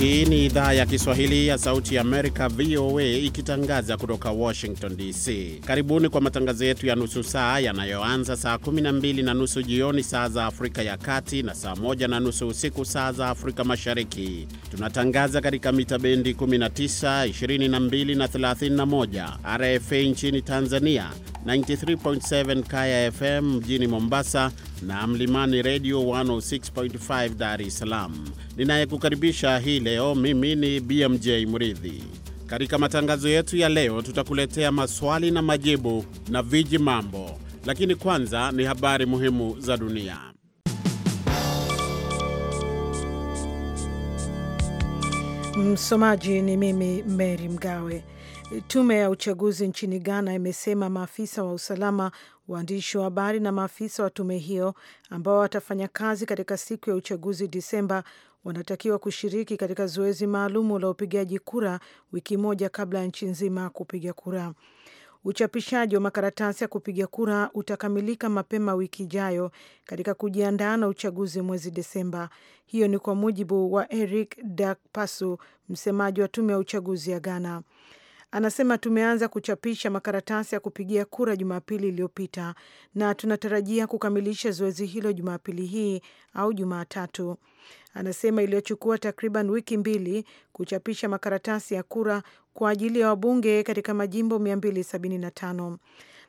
Hii ni idhaa ya Kiswahili ya Sauti ya Amerika, VOA, ikitangaza kutoka Washington DC. Karibuni kwa matangazo yetu ya nusu saa yanayoanza saa 12 na nusu jioni saa za Afrika ya Kati na saa 1 na nusu usiku saa za Afrika Mashariki. Tunatangaza katika mita bendi 19, 22 na 31, RFA nchini Tanzania 93.7 Kaya FM mjini Mombasa na Mlimani Radio 106.5 Dar es Salaam. Ninayekukaribisha hii leo mimi ni BMJ Mridhi. Katika matangazo yetu ya leo tutakuletea maswali na majibu na viji mambo, lakini kwanza ni habari muhimu za dunia. Msomaji ni mimi Mary Mgawe. Tume ya uchaguzi nchini Ghana imesema maafisa wa usalama, waandishi wa habari na maafisa wa tume hiyo ambao watafanya kazi katika siku ya uchaguzi Disemba wanatakiwa kushiriki katika zoezi maalumu la upigaji kura wiki moja kabla ya nchi nzima kupiga kura. Uchapishaji wa makaratasi ya kupiga kura utakamilika mapema wiki ijayo katika kujiandaa na uchaguzi mwezi Desemba. Hiyo ni kwa mujibu wa Eric Dak Pasu, msemaji wa tume ya uchaguzi ya Ghana. Anasema tumeanza kuchapisha makaratasi ya kupigia kura Jumapili iliyopita na tunatarajia kukamilisha zoezi hilo Jumapili hii au Jumatatu. Anasema iliyochukua takriban wiki mbili kuchapisha makaratasi ya kura kwa ajili ya wabunge katika majimbo 275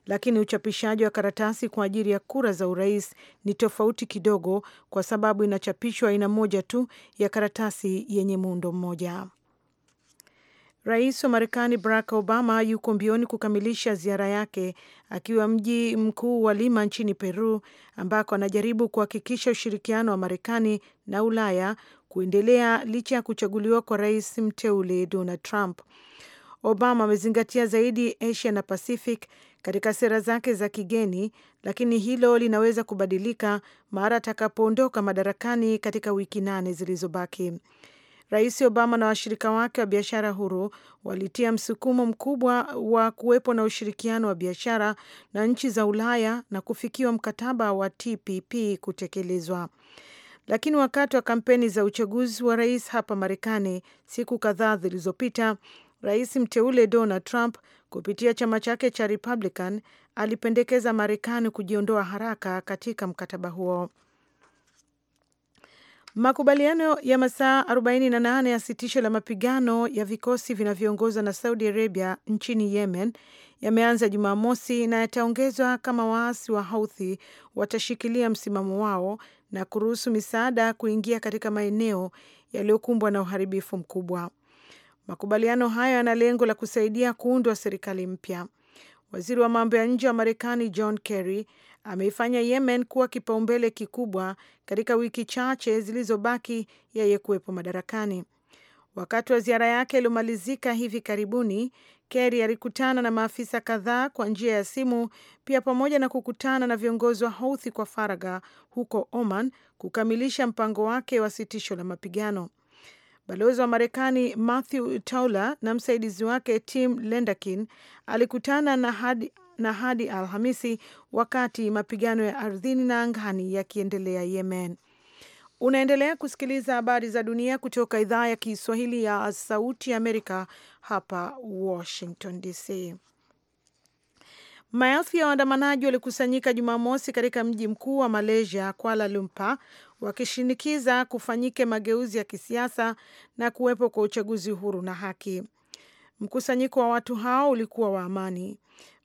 lakini uchapishaji wa karatasi kwa ajili ya kura za urais ni tofauti kidogo, kwa sababu inachapishwa aina moja tu ya karatasi yenye muundo mmoja. Rais wa Marekani Barack Obama yuko mbioni kukamilisha ziara yake akiwa mji mkuu wa Lima nchini Peru, ambako anajaribu kuhakikisha ushirikiano wa Marekani na Ulaya kuendelea licha ya kuchaguliwa kwa rais mteule Donald Trump. Obama amezingatia zaidi Asia na Pacific katika sera zake za kigeni, lakini hilo linaweza kubadilika mara atakapoondoka madarakani katika wiki nane zilizobaki. Rais Obama na washirika wake wa biashara huru walitia msukumo mkubwa wa kuwepo na ushirikiano wa biashara na nchi za Ulaya na kufikiwa mkataba wa TPP kutekelezwa. Lakini wakati wa kampeni za uchaguzi wa rais hapa Marekani siku kadhaa zilizopita, rais mteule Donald Trump kupitia chama chake cha Republican alipendekeza Marekani kujiondoa haraka katika mkataba huo. Makubaliano ya masaa 48 ya sitisho la mapigano ya vikosi vinavyoongozwa na Saudi Arabia nchini Yemen yameanza Jumamosi na yataongezwa kama waasi wa Houthi watashikilia msimamo wao na kuruhusu misaada kuingia katika maeneo yaliyokumbwa na uharibifu mkubwa. Makubaliano hayo yana lengo la kusaidia kuundwa serikali mpya. Waziri wa mambo ya nje wa Marekani John Kerry ameifanya Yemen kuwa kipaumbele kikubwa katika wiki chache zilizobaki yeye kuwepo madarakani. Wakati wa ziara yake iliyomalizika hivi karibuni, Kerry alikutana na maafisa kadhaa kwa njia ya simu, pia pamoja na kukutana na viongozi wa Houthi kwa faragha huko Oman kukamilisha mpango wake wa sitisho la mapigano. Balozi wa Marekani Matthew toule na msaidizi wake Tim Lendakin alikutana na Hadi na hadi Alhamisi, wakati mapigano ya ardhini na angani yakiendelea Yemen. Unaendelea kusikiliza habari za dunia kutoka idhaa ya Kiswahili ya Sauti ya Amerika, hapa Washington DC. Maelfu ya waandamanaji walikusanyika Jumamosi katika mji mkuu wa Malaysia, Kuala Lumpur, wakishinikiza kufanyike mageuzi ya kisiasa na kuwepo kwa uchaguzi huru na haki. Mkusanyiko wa watu hao ulikuwa wa amani.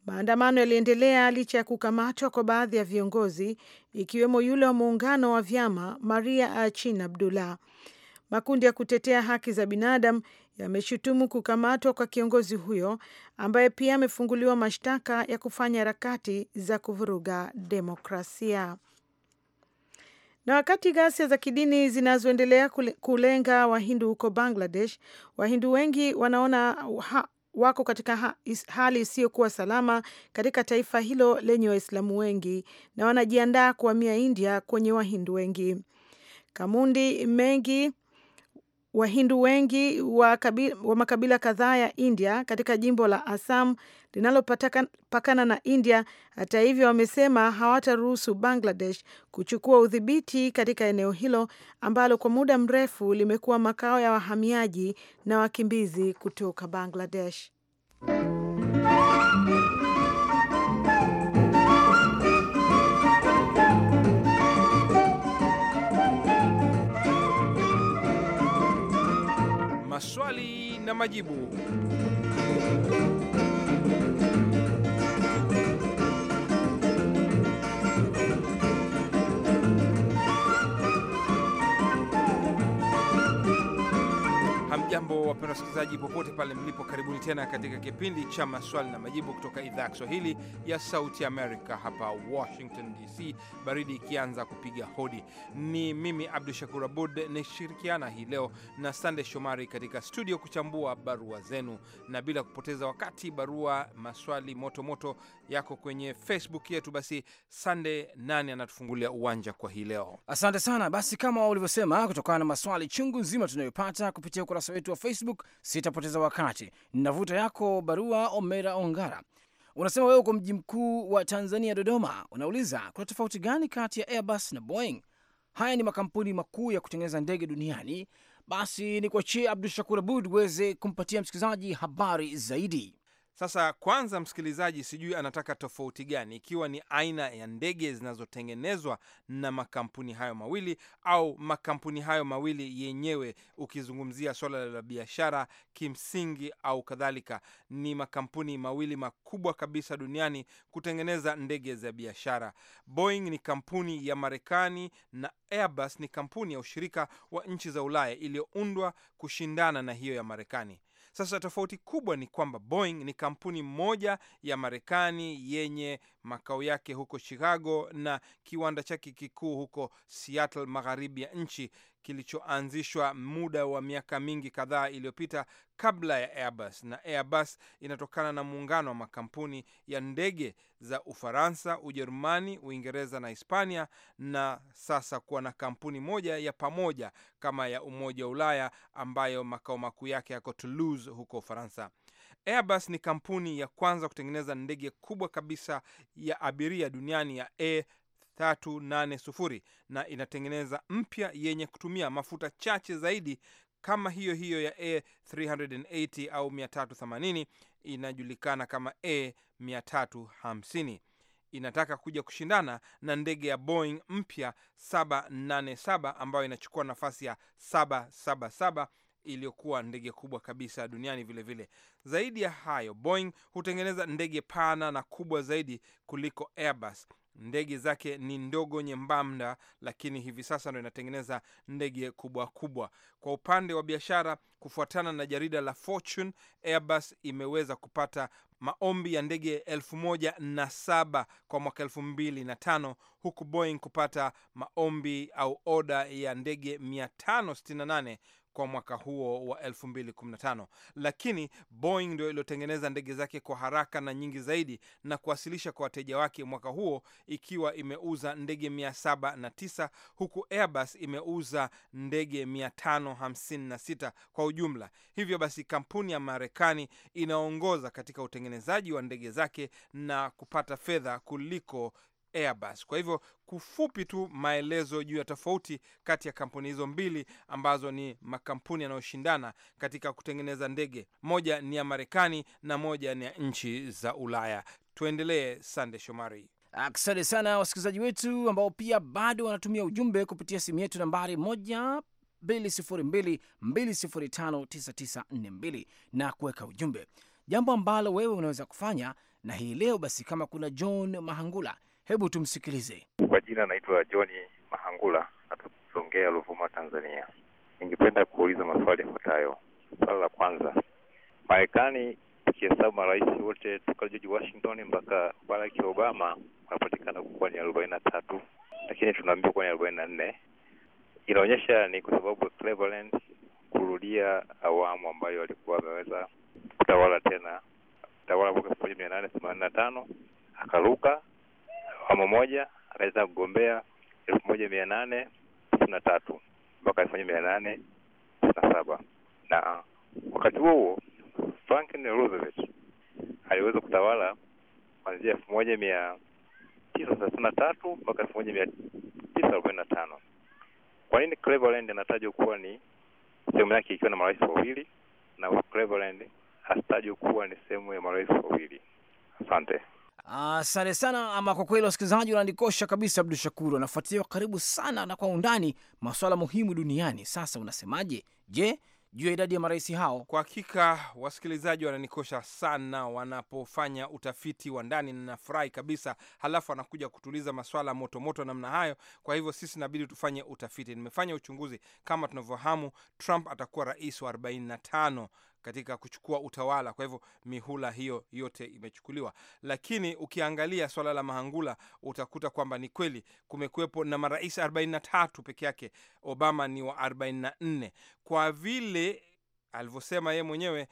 Maandamano yaliendelea licha ya kukamatwa kwa baadhi ya viongozi ikiwemo yule wa muungano wa vyama Maria Achin Abdullah. Makundi ya kutetea haki za binadamu yameshutumu kukamatwa kwa kiongozi huyo ambaye pia amefunguliwa mashtaka ya kufanya harakati za kuvuruga demokrasia. Na wakati ghasia za kidini zinazoendelea kulenga Wahindu huko Bangladesh, Wahindu wengi wanaona wako katika hali isiyokuwa salama katika taifa hilo lenye Waislamu wengi na wanajiandaa kuhamia India kwenye Wahindu wengi. Kamundi Mengi Wahindu wengi wa, kabila, wa makabila kadhaa ya India katika jimbo la Assam linalopakana na India. Hata hivyo, wamesema hawataruhusu Bangladesh kuchukua udhibiti katika eneo hilo ambalo kwa muda mrefu limekuwa makao ya wahamiaji na wakimbizi kutoka Bangladesh. Maswali na majibu. Jambo wapenda wasikilizaji popote pale mlipo, karibuni tena katika kipindi cha maswali na majibu kutoka idhaa ya Kiswahili ya Sauti Amerika hapa Washington DC, baridi ikianza kupiga hodi. Ni mimi Abdu Shakur Abud nishirikiana hii leo na Sande Shomari katika studio kuchambua barua zenu, na bila kupoteza wakati, barua maswali motomoto moto yako kwenye Facebook yetu. Basi Sande, nani anatufungulia uwanja kwa hii leo? Asante sana. Basi kama ulivyosema, kutokana na maswali chungu nzima tunayopata kupitia ukurasa wetu wa Facebook Facebook. Sitapoteza wakati, ninavuta yako barua. Omera Ongara unasema wewe uko mji mkuu wa Tanzania, Dodoma. Unauliza kuna tofauti gani kati ya Airbus na Boeing? Haya ni makampuni makuu ya kutengeneza ndege duniani. Basi ni kuachie Abdu Shakur Abud uweze kumpatia msikilizaji habari zaidi. Sasa kwanza, msikilizaji, sijui anataka tofauti gani, ikiwa ni aina ya ndege zinazotengenezwa na makampuni hayo mawili au makampuni hayo mawili yenyewe. Ukizungumzia swala la biashara kimsingi au kadhalika, ni makampuni mawili makubwa kabisa duniani kutengeneza ndege za biashara. Boeing ni kampuni ya Marekani na Airbus ni kampuni ya ushirika wa nchi za Ulaya iliyoundwa kushindana na hiyo ya Marekani. Sasa tofauti kubwa ni kwamba Boeing ni kampuni moja ya Marekani yenye makao yake huko Chicago na kiwanda chake kikuu huko Seattle, magharibi ya nchi kilichoanzishwa muda wa miaka mingi kadhaa iliyopita kabla ya Airbus, na Airbus inatokana na muungano wa makampuni ya ndege za Ufaransa, Ujerumani, Uingereza na Hispania, na sasa kuwa na kampuni moja ya pamoja kama ya Umoja wa Ulaya ambayo makao makuu yake yako Toulouse huko Ufaransa. Airbus ni kampuni ya kwanza kutengeneza ndege kubwa kabisa ya abiria duniani ya A 380 na inatengeneza mpya yenye kutumia mafuta chache zaidi kama hiyo hiyo ya A380 au 380 inajulikana kama A350. Inataka kuja kushindana na ndege ya Boeing mpya 787 ambayo inachukua nafasi ya 777 iliyokuwa ndege kubwa kabisa duniani. Vilevile vile. Zaidi ya hayo, Boeing hutengeneza ndege pana na kubwa zaidi kuliko Airbus ndege zake ni ndogo nyembamba, lakini hivi sasa ndo inatengeneza ndege kubwa kubwa. Kwa upande wa biashara, kufuatana na jarida la Fortune, Airbus imeweza kupata maombi ya ndege elfu moja na saba kwa mwaka elfu mbili na tano huku Boeing kupata maombi au oda ya ndege 568 kwa mwaka huo wa 2015, lakini Boeing ndio iliyotengeneza ndege zake kwa haraka na nyingi zaidi na kuwasilisha kwa wateja wake mwaka huo ikiwa imeuza ndege 709 huku Airbus imeuza ndege 556 kwa ujumla. Hivyo basi kampuni ya Marekani inaongoza katika utengenezaji wa ndege zake na kupata fedha kuliko Airbus. Kwa hivyo kufupi tu maelezo juu ya tofauti kati ya kampuni hizo mbili ambazo ni makampuni yanayoshindana katika kutengeneza ndege. Moja ni ya Marekani na moja ni ya nchi za Ulaya. Tuendelee, Sande Shomari. Asante sana wasikilizaji wetu ambao pia bado wanatumia ujumbe kupitia simu yetu nambari moja 202 205 9942 na kuweka ujumbe jambo ambalo wewe unaweza kufanya. Na hii leo basi, kama kuna John Mahangula, hebu tumsikilize. Kwa jina anaitwa John Mahangula, natusongea Ruvuma, Tanzania. Ningependa kuuliza maswali yafuatayo. Swala la kwanza, Marekani tukihesabu marais wote toka George Washington mpaka Barack Obama wanapatikana kuwa ni arobaini na tatu, lakini tunaambiwa kuwa ni arobaini na nne. Inaonyesha ni kwa sababu Cleveland kurudia awamu ambayo alikuwa ameweza kutawala tena, kutawala mwaka elfu moja mia nane themanini na tano akaruka awamu moja akaweza kugombea elfu moja mia nane tisini na tatu mpaka elfu moja mia nane tisini na saba na uh, wakati huo huo Franklin Roosevelt aliweza kutawala kuanzia elfu moja mia tisa thelathini na tatu mpaka elfu moja mia tisa arobaini na tano. Kwa nini Cleveland anatajwa kuwa ni sehemu yake ikiwa na marais wawili na Cleveland asitajwe kuwa ni sehemu ya marais wawili. Asante. Asante uh, sana. Ama kwa kweli wasikilizaji wananikosha kabisa. Abdu Shakur anafuatilia kwa karibu sana na kwa undani masuala muhimu duniani. Sasa unasemaje? Je, juu ya idadi ya marais hao? Kwa hakika wasikilizaji wananikosha sana wanapofanya utafiti wa ndani, na nafurahi kabisa. Halafu anakuja kutuliza maswala motomoto namna hayo. Kwa hivyo sisi inabidi tufanye utafiti. Nimefanya uchunguzi, kama tunavyofahamu, Trump atakuwa rais wa 45 katika kuchukua utawala. Kwa hivyo mihula hiyo yote imechukuliwa, lakini ukiangalia swala la Mahangula utakuta kwamba ni kweli kumekuwepo na marais 43 peke yake. Obama ni wa 44 kwa vile alivyosema yeye mwenyewe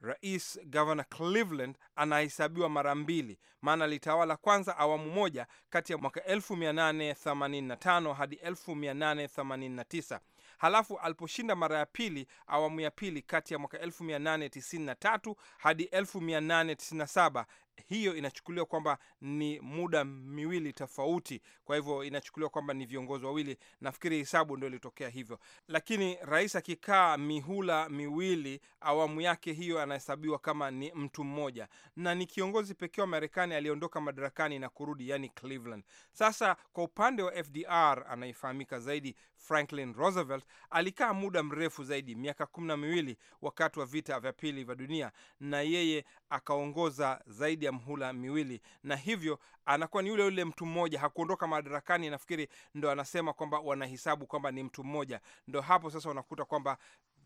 Rais Governor Cleveland anahesabiwa mara mbili, maana alitawala kwanza awamu moja kati ya mwaka 1885 hadi 1889. Halafu aliposhinda mara ya pili, awamu ya pili, kati ya mwaka 1893 hadi 1897 hiyo inachukuliwa kwamba ni muda miwili tofauti, kwa hivyo inachukuliwa kwamba ni viongozi wawili. Nafikiri hesabu ndio ilitokea hivyo, lakini rais akikaa mihula miwili, awamu yake hiyo anahesabiwa kama ni mtu mmoja, na ni kiongozi pekee wa Marekani aliyeondoka madarakani na kurudi, yani Cleveland. Sasa kwa upande wa FDR anayefahamika zaidi, Franklin Roosevelt alikaa muda mrefu zaidi, miaka kumi na miwili, wakati wa vita vya pili vya dunia, na yeye akaongoza zaidi ya mhula miwili, na hivyo anakuwa ni yule yule mtu mmoja, hakuondoka madarakani. Nafikiri ndo anasema kwamba wanahisabu kwamba ni mtu mmoja. Ndo hapo sasa unakuta kwamba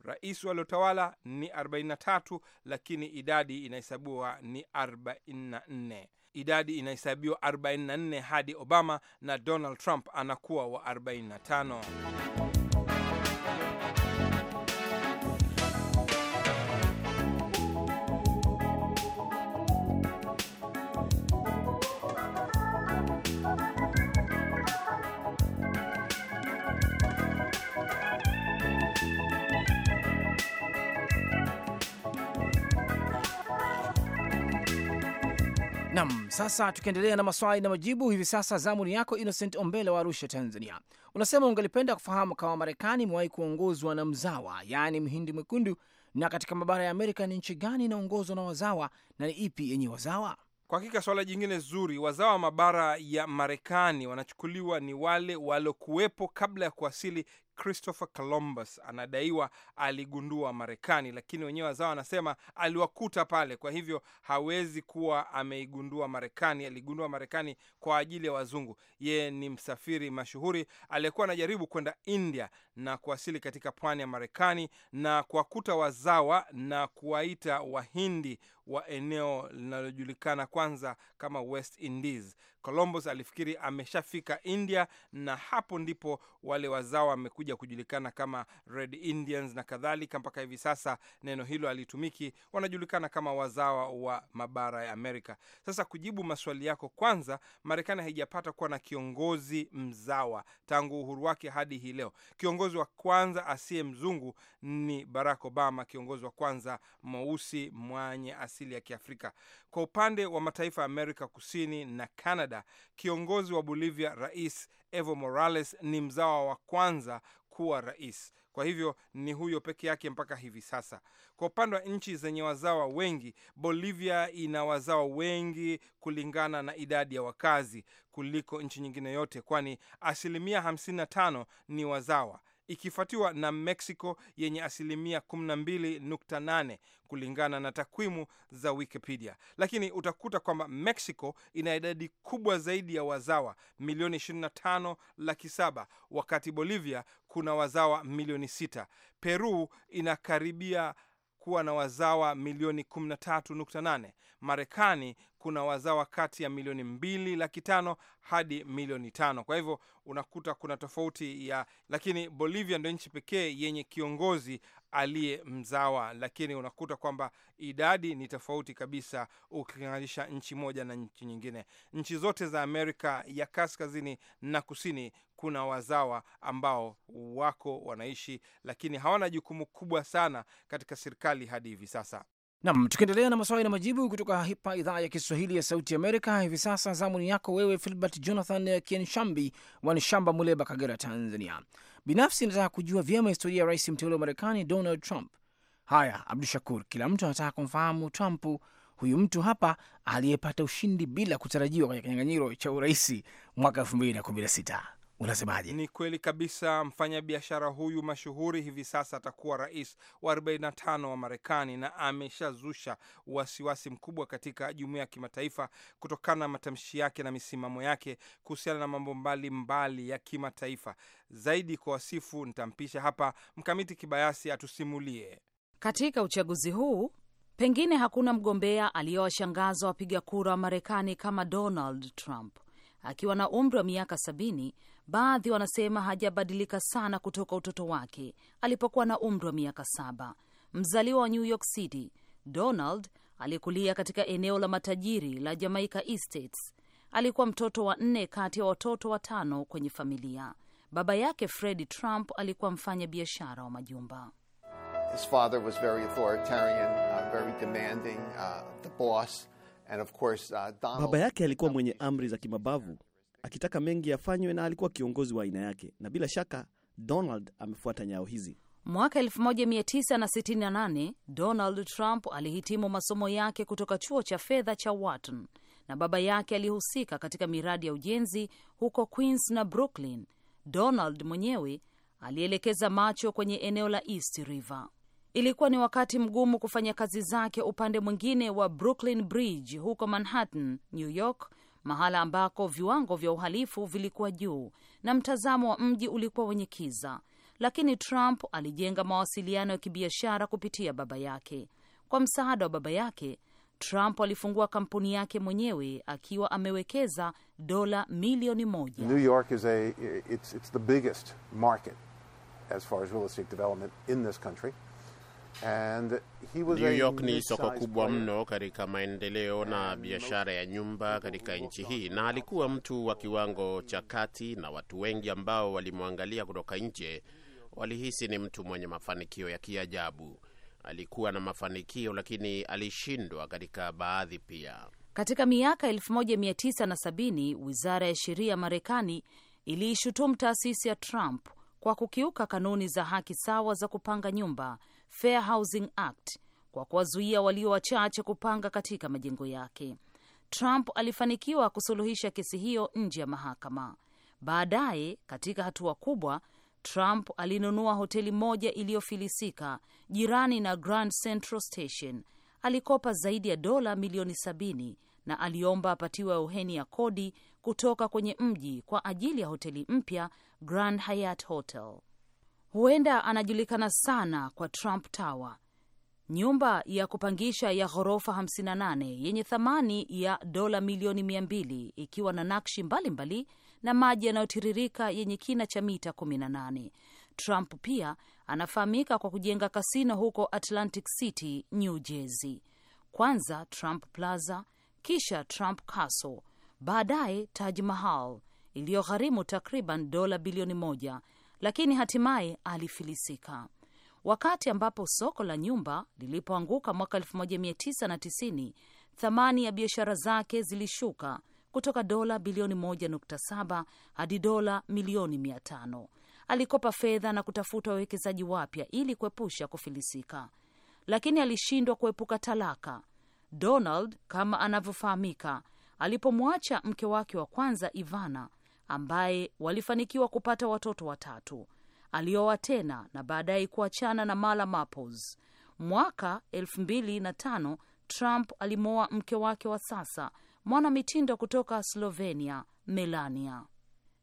rais waliotawala ni 43 lakini idadi inahesabiwa ni 44 idadi inahesabiwa 44 hadi Obama na Donald Trump anakuwa wa 45. Nam, sasa tukiendelea na maswali na majibu hivi sasa, zamu ni yako Innocent Ombele wa Arusha, Tanzania. Unasema ungelipenda kufahamu kama Marekani imewahi kuongozwa na mzawa, yaani mhindi mwekundu, na katika mabara ya Amerika ni nchi gani inaongozwa na wazawa na ni ipi yenye wazawa? Kwa hakika swala jingine zuri. Wazawa wa mabara ya Marekani wanachukuliwa ni wale waliokuwepo kabla ya kuwasili Christopher Columbus anadaiwa aligundua Marekani, lakini wenyewe wazawa wanasema aliwakuta pale, kwa hivyo hawezi kuwa ameigundua Marekani. Aligundua Marekani kwa ajili ya wazungu. Yeye ni msafiri mashuhuri aliyekuwa anajaribu kwenda India na kuwasili katika pwani ya Marekani na kuwakuta wazawa na kuwaita Wahindi wa eneo linalojulikana kwanza kama West Indies. Columbus alifikiri ameshafika India, na hapo ndipo wale wazao wamekuja kujulikana kama Red Indians na kadhalika. Mpaka hivi sasa neno hilo alitumiki wanajulikana kama wazawa wa mabara ya Amerika. Sasa kujibu maswali yako, kwanza, Marekani haijapata kuwa na kiongozi mzawa tangu uhuru wake hadi hii leo. Kiongozi wa kwanza asiye mzungu ni Barack Obama, kiongozi wa kwanza mweusi asie asili ya Kiafrika. Kwa upande wa mataifa ya Amerika Kusini na Canada, kiongozi wa Bolivia Rais Evo Morales ni mzawa wa kwanza kuwa rais. Kwa hivyo ni huyo peke yake mpaka hivi sasa. Kwa upande wa nchi zenye wazawa wengi, Bolivia ina wazawa wengi kulingana na idadi ya wakazi kuliko nchi nyingine yote, kwani asilimia 55 ni wazawa ikifuatiwa na Mexico yenye asilimia 12.8 kulingana na takwimu za Wikipedia. Lakini utakuta kwamba Mexico ina idadi kubwa zaidi ya wazawa milioni 25 laki saba, wakati Bolivia kuna wazawa milioni 6. Peru inakaribia kuwa na wazawa milioni 13.8. Marekani kuna wazawa kati ya milioni mbili laki tano hadi milioni tano. Kwa hivyo unakuta kuna tofauti ya, lakini Bolivia ndio nchi pekee yenye kiongozi aliye mzawa, lakini unakuta kwamba idadi ni tofauti kabisa ukilinganisha nchi moja na nchi nyingine. Nchi zote za Amerika ya kaskazini na kusini kuna wazawa ambao wako wanaishi, lakini hawana jukumu kubwa sana katika serikali hadi hivi sasa. Nam, tukiendelea na maswali na majibu kutoka hapa idhaa ya Kiswahili ya Sauti Amerika. Hivi sasa zamuni yako wewe, Filbert Jonathan Kienshambi Wanshamba, Muleba, Kagera, Tanzania. Binafsi nataka kujua vyema historia ya rais mteule wa Marekani Donald Trump. Haya, Abdu Shakur, kila mtu anataka kumfahamu Trump, huyu mtu hapa aliyepata ushindi bila kutarajiwa kwenye kinyang'anyiro cha uraisi mwaka elfu mbili na kumi na sita. Unasemaje? Ni kweli kabisa. Mfanyabiashara huyu mashuhuri hivi sasa atakuwa rais wa 45 wa Marekani na ameshazusha wasiwasi mkubwa katika jumuiya ya kimataifa kutokana na matamshi yake na misimamo yake kuhusiana na mambo mbalimbali mbali ya kimataifa. Zaidi kwa wasifu, nitampisha hapa Mkamiti Kibayasi atusimulie. Katika uchaguzi huu pengine hakuna mgombea aliyewashangaza wapiga kura wa Marekani kama Donald Trump akiwa na umri wa miaka sabini Baadhi wanasema hajabadilika sana kutoka utoto wake alipokuwa na umri wa miaka saba. Mzaliwa wa New York City, Donald alikulia katika eneo la matajiri la Jamaica Estates. Alikuwa mtoto wa nne kati ya watoto watano kwenye familia. Baba yake Fred Trump alikuwa mfanya biashara wa majumba. His father was very authoritarian, uh, very demanding, uh, the boss. And of course, uh, Donald... Baba yake alikuwa mwenye amri za kimabavu akitaka mengi yafanywe, na alikuwa kiongozi wa aina yake, na bila shaka Donald amefuata nyayo hizi. Mwaka 1968 Donald Trump alihitimu masomo yake kutoka chuo cha fedha cha Wharton na baba yake alihusika katika miradi ya ujenzi huko Queens na Brooklyn. Donald mwenyewe alielekeza macho kwenye eneo la East River. Ilikuwa ni wakati mgumu kufanya kazi zake upande mwingine wa Brooklyn Bridge huko Manhattan, New York, mahala ambako viwango vya uhalifu vilikuwa juu na mtazamo wa mji ulikuwa wenye kiza, lakini Trump alijenga mawasiliano ya kibiashara kupitia baba yake. Kwa msaada wa baba yake, Trump alifungua kampuni yake mwenyewe akiwa amewekeza dola milioni moja. New York is a, it's, it's the biggest market as far as real estate development in this country. New York ni soko kubwa mno katika maendeleo na biashara ya nyumba katika nchi hii, na alikuwa mtu wa kiwango cha kati, na watu wengi ambao walimwangalia kutoka nje walihisi ni mtu mwenye mafanikio ya kiajabu. Alikuwa na mafanikio lakini alishindwa katika baadhi pia. Katika miaka 1970 wizara ya sheria ya Marekani iliishutumu taasisi ya Trump kwa kukiuka kanuni za haki sawa za kupanga nyumba Fair Housing Act kwa kuwazuia walio wachache kupanga katika majengo yake. Trump alifanikiwa kusuluhisha kesi hiyo nje ya mahakama. Baadaye, katika hatua kubwa, Trump alinunua hoteli moja iliyofilisika jirani na Grand Central Station. Alikopa zaidi ya dola milioni sabini na aliomba apatiwe auheni ya kodi kutoka kwenye mji kwa ajili ya hoteli mpya Grand Hyatt Hotel huenda anajulikana sana kwa Trump Tower, nyumba ya kupangisha ya ghorofa 58 yenye thamani ya dola milioni 200 ikiwa na nakshi mbalimbali mbali na maji yanayotiririka yenye kina cha mita 18. Trump pia anafahamika kwa kujenga kasino huko Atlantic City, New Jersey, kwanza Trump Plaza, kisha Trump Castle, baadaye Taj Mahal iliyogharimu takriban dola bilioni moja lakini hatimaye alifilisika. Wakati ambapo soko la nyumba lilipoanguka mwaka 1990 thamani ya biashara zake zilishuka kutoka dola bilioni 1.7 hadi dola milioni 500. Alikopa fedha na kutafuta wawekezaji wapya ili kuepusha kufilisika, lakini alishindwa kuepuka talaka. Donald kama anavyofahamika, alipomwacha mke wake wa kwanza Ivana ambaye walifanikiwa kupata watoto watatu. Alioa tena na baadaye kuachana na Mala Maples. Mwaka elfu mbili na tano Trump alimwoa mke wake wa sasa, mwanamitindo kutoka Slovenia, Melania.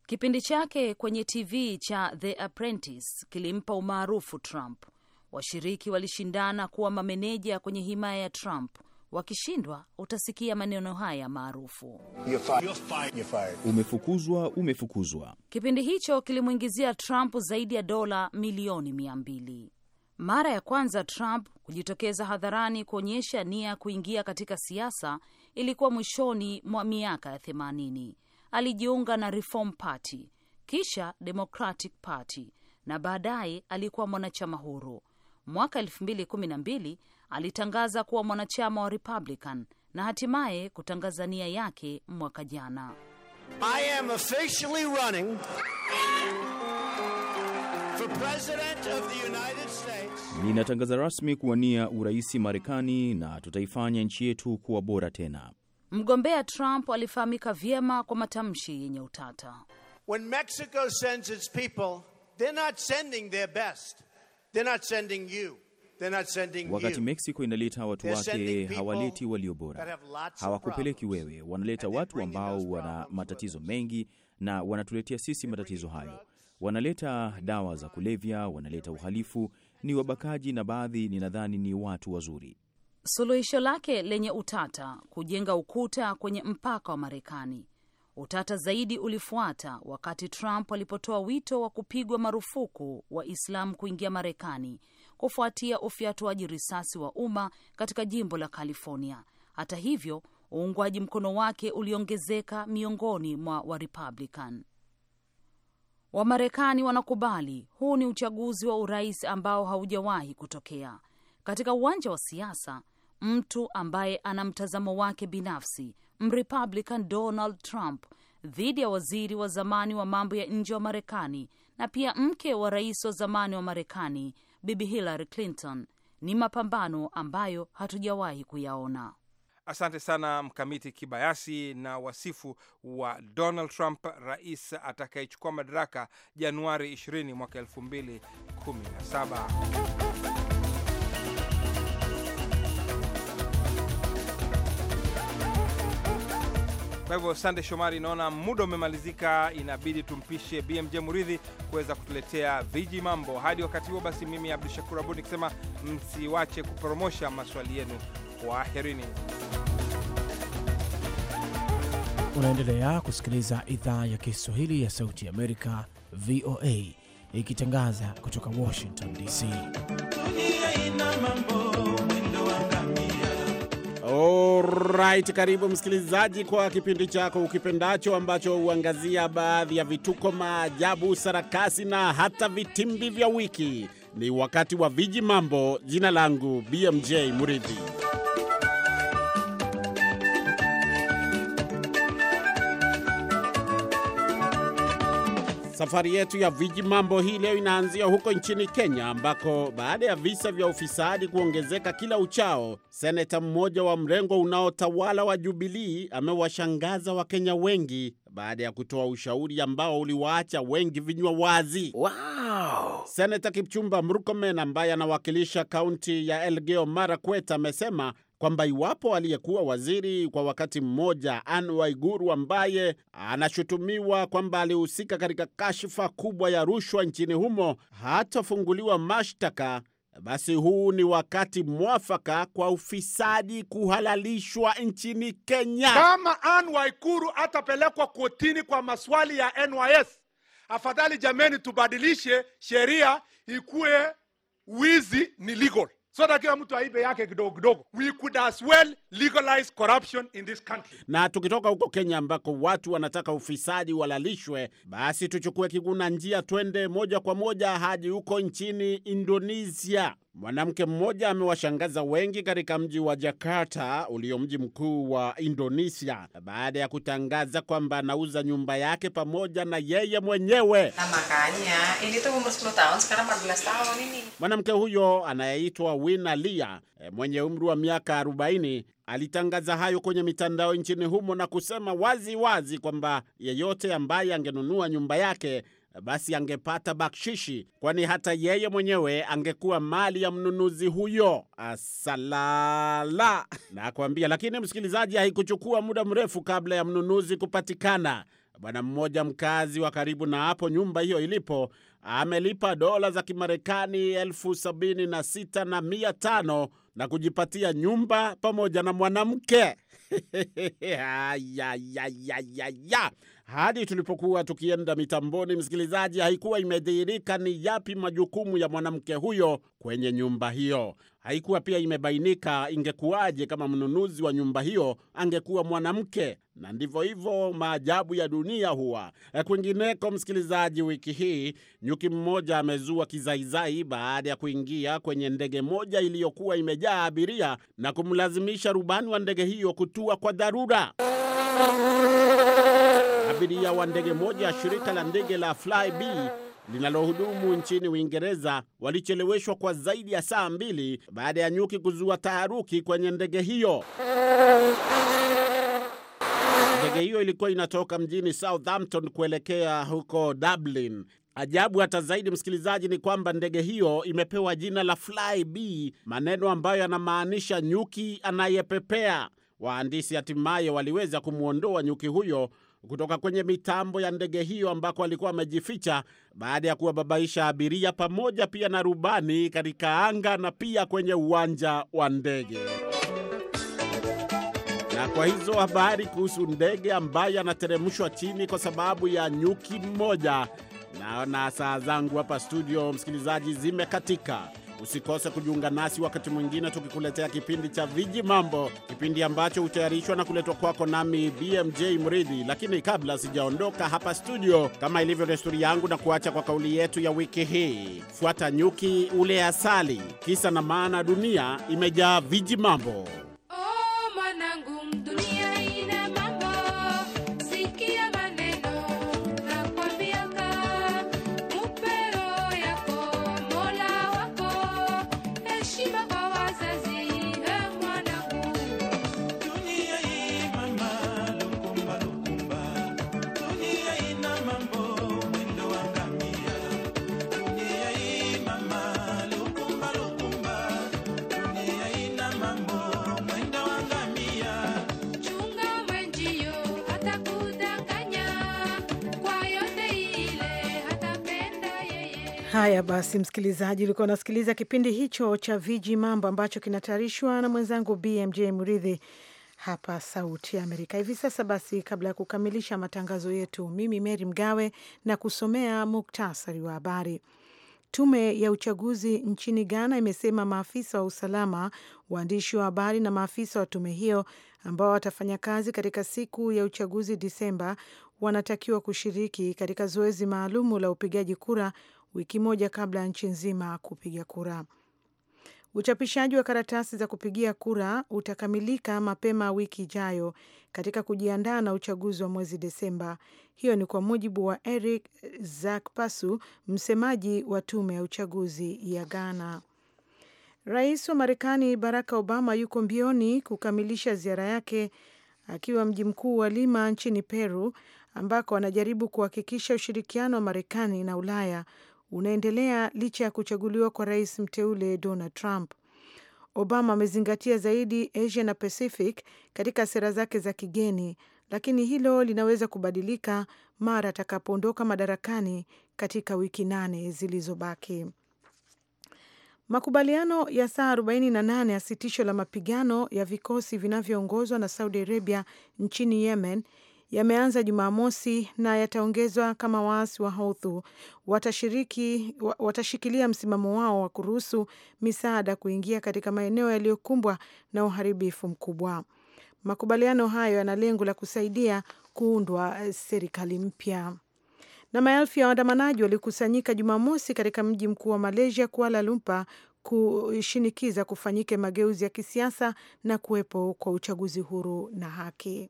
Kipindi chake kwenye TV cha The Apprentice kilimpa umaarufu Trump. Washiriki walishindana kuwa mameneja kwenye himaya ya Trump. Wakishindwa utasikia maneno haya maarufu, umefukuzwa, umefukuzwa. Kipindi hicho kilimwingizia Trump zaidi ya dola milioni mia mbili. Mara ya kwanza Trump kujitokeza hadharani kuonyesha nia kuingia katika siasa ilikuwa mwishoni mwa miaka ya 80. Alijiunga na Reform Party, kisha Democratic Party na baadaye alikuwa mwanachama huru. Mwaka alitangaza kuwa mwanachama wa Republican na hatimaye kutangaza nia yake mwaka jana. I am officially running for president of the United States. Ninatangaza rasmi kuwania urais Marekani na tutaifanya nchi yetu kuwa bora tena. Mgombea Trump alifahamika vyema kwa matamshi yenye utata. When Mexico sends its people, they're not sending their best. They're not sending you. Wakati Meksiko inaleta watu wake, hawaleti walio bora, hawakupeleki wewe, wanaleta watu ambao wana matatizo mengi na wanatuletea sisi matatizo hayo. Wanaleta dawa za kulevya, wanaleta uhalifu, ni wabakaji, na baadhi ninadhani ni watu wazuri. Suluhisho lake lenye utata, kujenga ukuta kwenye mpaka wa Marekani. Utata zaidi ulifuata wakati Trump alipotoa wito wa kupigwa marufuku wa islamu kuingia Marekani kufuatia ufyatuaji risasi wa umma katika jimbo la California. Hata hivyo, uungwaji mkono wake uliongezeka miongoni mwa Warepublican. Wamarekani wanakubali huu ni uchaguzi wa urais ambao haujawahi kutokea. Katika uwanja wa siasa, mtu ambaye ana mtazamo wake binafsi, Mrepublican Donald Trump dhidi ya waziri wa zamani wa mambo ya nje wa Marekani na pia mke wa rais wa zamani wa Marekani Bibi Hillary Clinton ni mapambano ambayo hatujawahi kuyaona. Asante sana Mkamiti Kibayasi na wasifu wa Donald Trump, rais atakayechukua madaraka Januari 20 mwaka 2017. Kwa hivyo, Sande Shomari, naona muda umemalizika, inabidi tumpishe BMJ Muridhi kuweza kutuletea viji mambo. Hadi wakati huo basi, mimi Abdu Shakur Abud nikisema msiwache kupromosha maswali yenu. Kwaherini. Unaendelea kusikiliza idhaa ya Kiswahili ya Sauti ya Amerika, VOA, ikitangaza kutoka Washington DC. Alright, karibu msikilizaji kwa kipindi chako ukipendacho ambacho huangazia baadhi ya vituko, maajabu, sarakasi na hata vitimbi vya wiki. Ni wakati wa viji mambo. Jina langu BMJ Muridhi. Safari yetu ya viji mambo hii leo inaanzia huko nchini Kenya ambako baada ya visa vya ufisadi kuongezeka kila uchao, seneta mmoja wa mrengo unaotawala wa Jubilii amewashangaza Wakenya wengi baada ya kutoa ushauri ambao uliwaacha wengi vinywa wazi. Wow. Seneta Kipchumba Murkomen ambaye anawakilisha kaunti ya Elgeyo Marakwet amesema kwamba iwapo aliyekuwa waziri kwa wakati mmoja Anne Waiguru ambaye anashutumiwa kwamba alihusika katika kashfa kubwa ya rushwa nchini humo hatafunguliwa mashtaka, basi huu ni wakati mwafaka kwa ufisadi kuhalalishwa nchini Kenya. Kama Anne Waiguru atapelekwa kotini kwa maswali ya NYS, afadhali jameni, tubadilishe sheria ikuwe wizi ni legal so that kila mtu aibe yake kidogo kidogo. We could as well legalize corruption in this country. Na tukitoka huko Kenya ambako watu wanataka ufisadi walalishwe, basi tuchukue kiguna njia twende moja kwa moja hadi huko nchini Indonesia. Mwanamke mmoja amewashangaza wengi katika mji wa Jakarta ulio mji mkuu wa Indonesia baada ya kutangaza kwamba anauza nyumba yake pamoja na yeye mwenyewe. Na makanya ini umur 10 tahun sekarang 14 tahun ini. Mwanamke huyo anayeitwa Wina Lia eh, mwenye umri wa miaka 40 alitangaza hayo kwenye mitandao nchini humo na kusema wazi wazi kwamba yeyote ambaye angenunua nyumba yake basi angepata bakshishi, kwani hata yeye mwenyewe angekuwa mali ya mnunuzi huyo. Asalala nakwambia. Lakini msikilizaji, haikuchukua muda mrefu kabla ya mnunuzi kupatikana. Bwana mmoja mkazi wa karibu na hapo nyumba hiyo ilipo amelipa dola za Kimarekani elfu sabini na sita na mia tano na kujipatia nyumba pamoja na mwanamke. ya, ya, ya, ya, ya hadi tulipokuwa tukienda mitamboni, msikilizaji, haikuwa imedhihirika ni yapi majukumu ya mwanamke huyo kwenye nyumba hiyo. Haikuwa pia imebainika ingekuwaje kama mnunuzi wa nyumba hiyo angekuwa mwanamke. Na ndivyo hivyo maajabu ya dunia huwa. E, kwingineko, msikilizaji, wiki hii nyuki mmoja amezua kizaizai baada ya kuingia kwenye ndege moja iliyokuwa imejaa abiria na kumlazimisha rubani wa ndege hiyo kutua kwa dharura abiria wa ndege moja ya shirika la ndege la flyb linalohudumu nchini Uingereza walicheleweshwa kwa zaidi ya saa mbili baada ya nyuki kuzua taharuki kwenye ndege hiyo. Ndege hiyo ilikuwa inatoka mjini Southampton kuelekea huko Dublin. Ajabu hata zaidi, msikilizaji, ni kwamba ndege hiyo imepewa jina la b maneno ambayo yanamaanisha nyuki anayepepea. Wahandisi hatimaye waliweza kumwondoa nyuki huyo kutoka kwenye mitambo ya ndege hiyo ambako alikuwa amejificha baada ya kuwababaisha abiria pamoja pia na rubani katika anga na pia kwenye uwanja wa ndege. Na kwa hizo habari kuhusu ndege ambaye anateremshwa chini kwa sababu ya nyuki mmoja, naona saa zangu hapa studio, msikilizaji, zimekatika. Usikose kujiunga nasi wakati mwingine tukikuletea kipindi cha Viji Mambo, kipindi ambacho hutayarishwa na kuletwa kwako nami BMJ Mridhi. Lakini kabla sijaondoka hapa studio, kama ilivyo desturi yangu, na kuacha kwa kauli yetu ya wiki hii, fuata nyuki ule asali. Kisa na maana, dunia imejaa viji mambo. Haya basi, msikilizaji, ulikuwa unasikiliza kipindi hicho cha Viji Mambo ambacho kinatayarishwa na mwenzangu BMJ Mridhi hapa Sauti ya Amerika hivi sasa. Basi, kabla ya kukamilisha matangazo yetu, mimi Meri Mgawe na kusomea muktasari wa habari. Tume ya uchaguzi nchini Ghana imesema maafisa wa usalama, waandishi wa habari na maafisa wa tume hiyo ambao watafanya kazi katika siku ya uchaguzi Disemba wanatakiwa kushiriki katika zoezi maalumu la upigaji kura wiki moja kabla ya nchi nzima kupiga kura. Uchapishaji wa karatasi za kupigia kura utakamilika mapema wiki ijayo katika kujiandaa na uchaguzi wa mwezi Desemba. Hiyo ni kwa mujibu wa Eric Zakpasu, msemaji wa tume ya uchaguzi ya Ghana. Rais wa Marekani Barack Obama yuko mbioni kukamilisha ziara yake akiwa mji mkuu wa Lima nchini Peru, ambako anajaribu kuhakikisha ushirikiano wa Marekani na Ulaya unaendelea licha ya kuchaguliwa kwa rais mteule Donald Trump. Obama amezingatia zaidi Asia na Pacific katika sera zake za kigeni, lakini hilo linaweza kubadilika mara atakapoondoka madarakani katika wiki nane zilizobaki. Makubaliano ya saa 48 ya sitisho la mapigano ya vikosi vinavyoongozwa na Saudi Arabia nchini Yemen yameanza Jumamosi na yataongezwa kama waasi wa Houthu watashiriki watashikilia msimamo wao wa kuruhusu misaada kuingia katika maeneo yaliyokumbwa na uharibifu mkubwa. Makubaliano hayo yana lengo la kusaidia kuundwa eh, serikali mpya. Na maelfu ya waandamanaji walikusanyika Jumamosi katika mji mkuu wa Malaysia, Kuala Lumpur, kushinikiza kufanyike mageuzi ya kisiasa na kuwepo kwa uchaguzi huru na haki.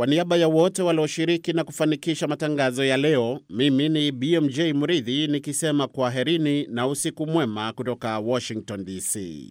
Kwa niaba ya wote walioshiriki na kufanikisha matangazo ya leo, mimi ni BMJ Mridhi nikisema kwaherini na usiku mwema kutoka Washington DC.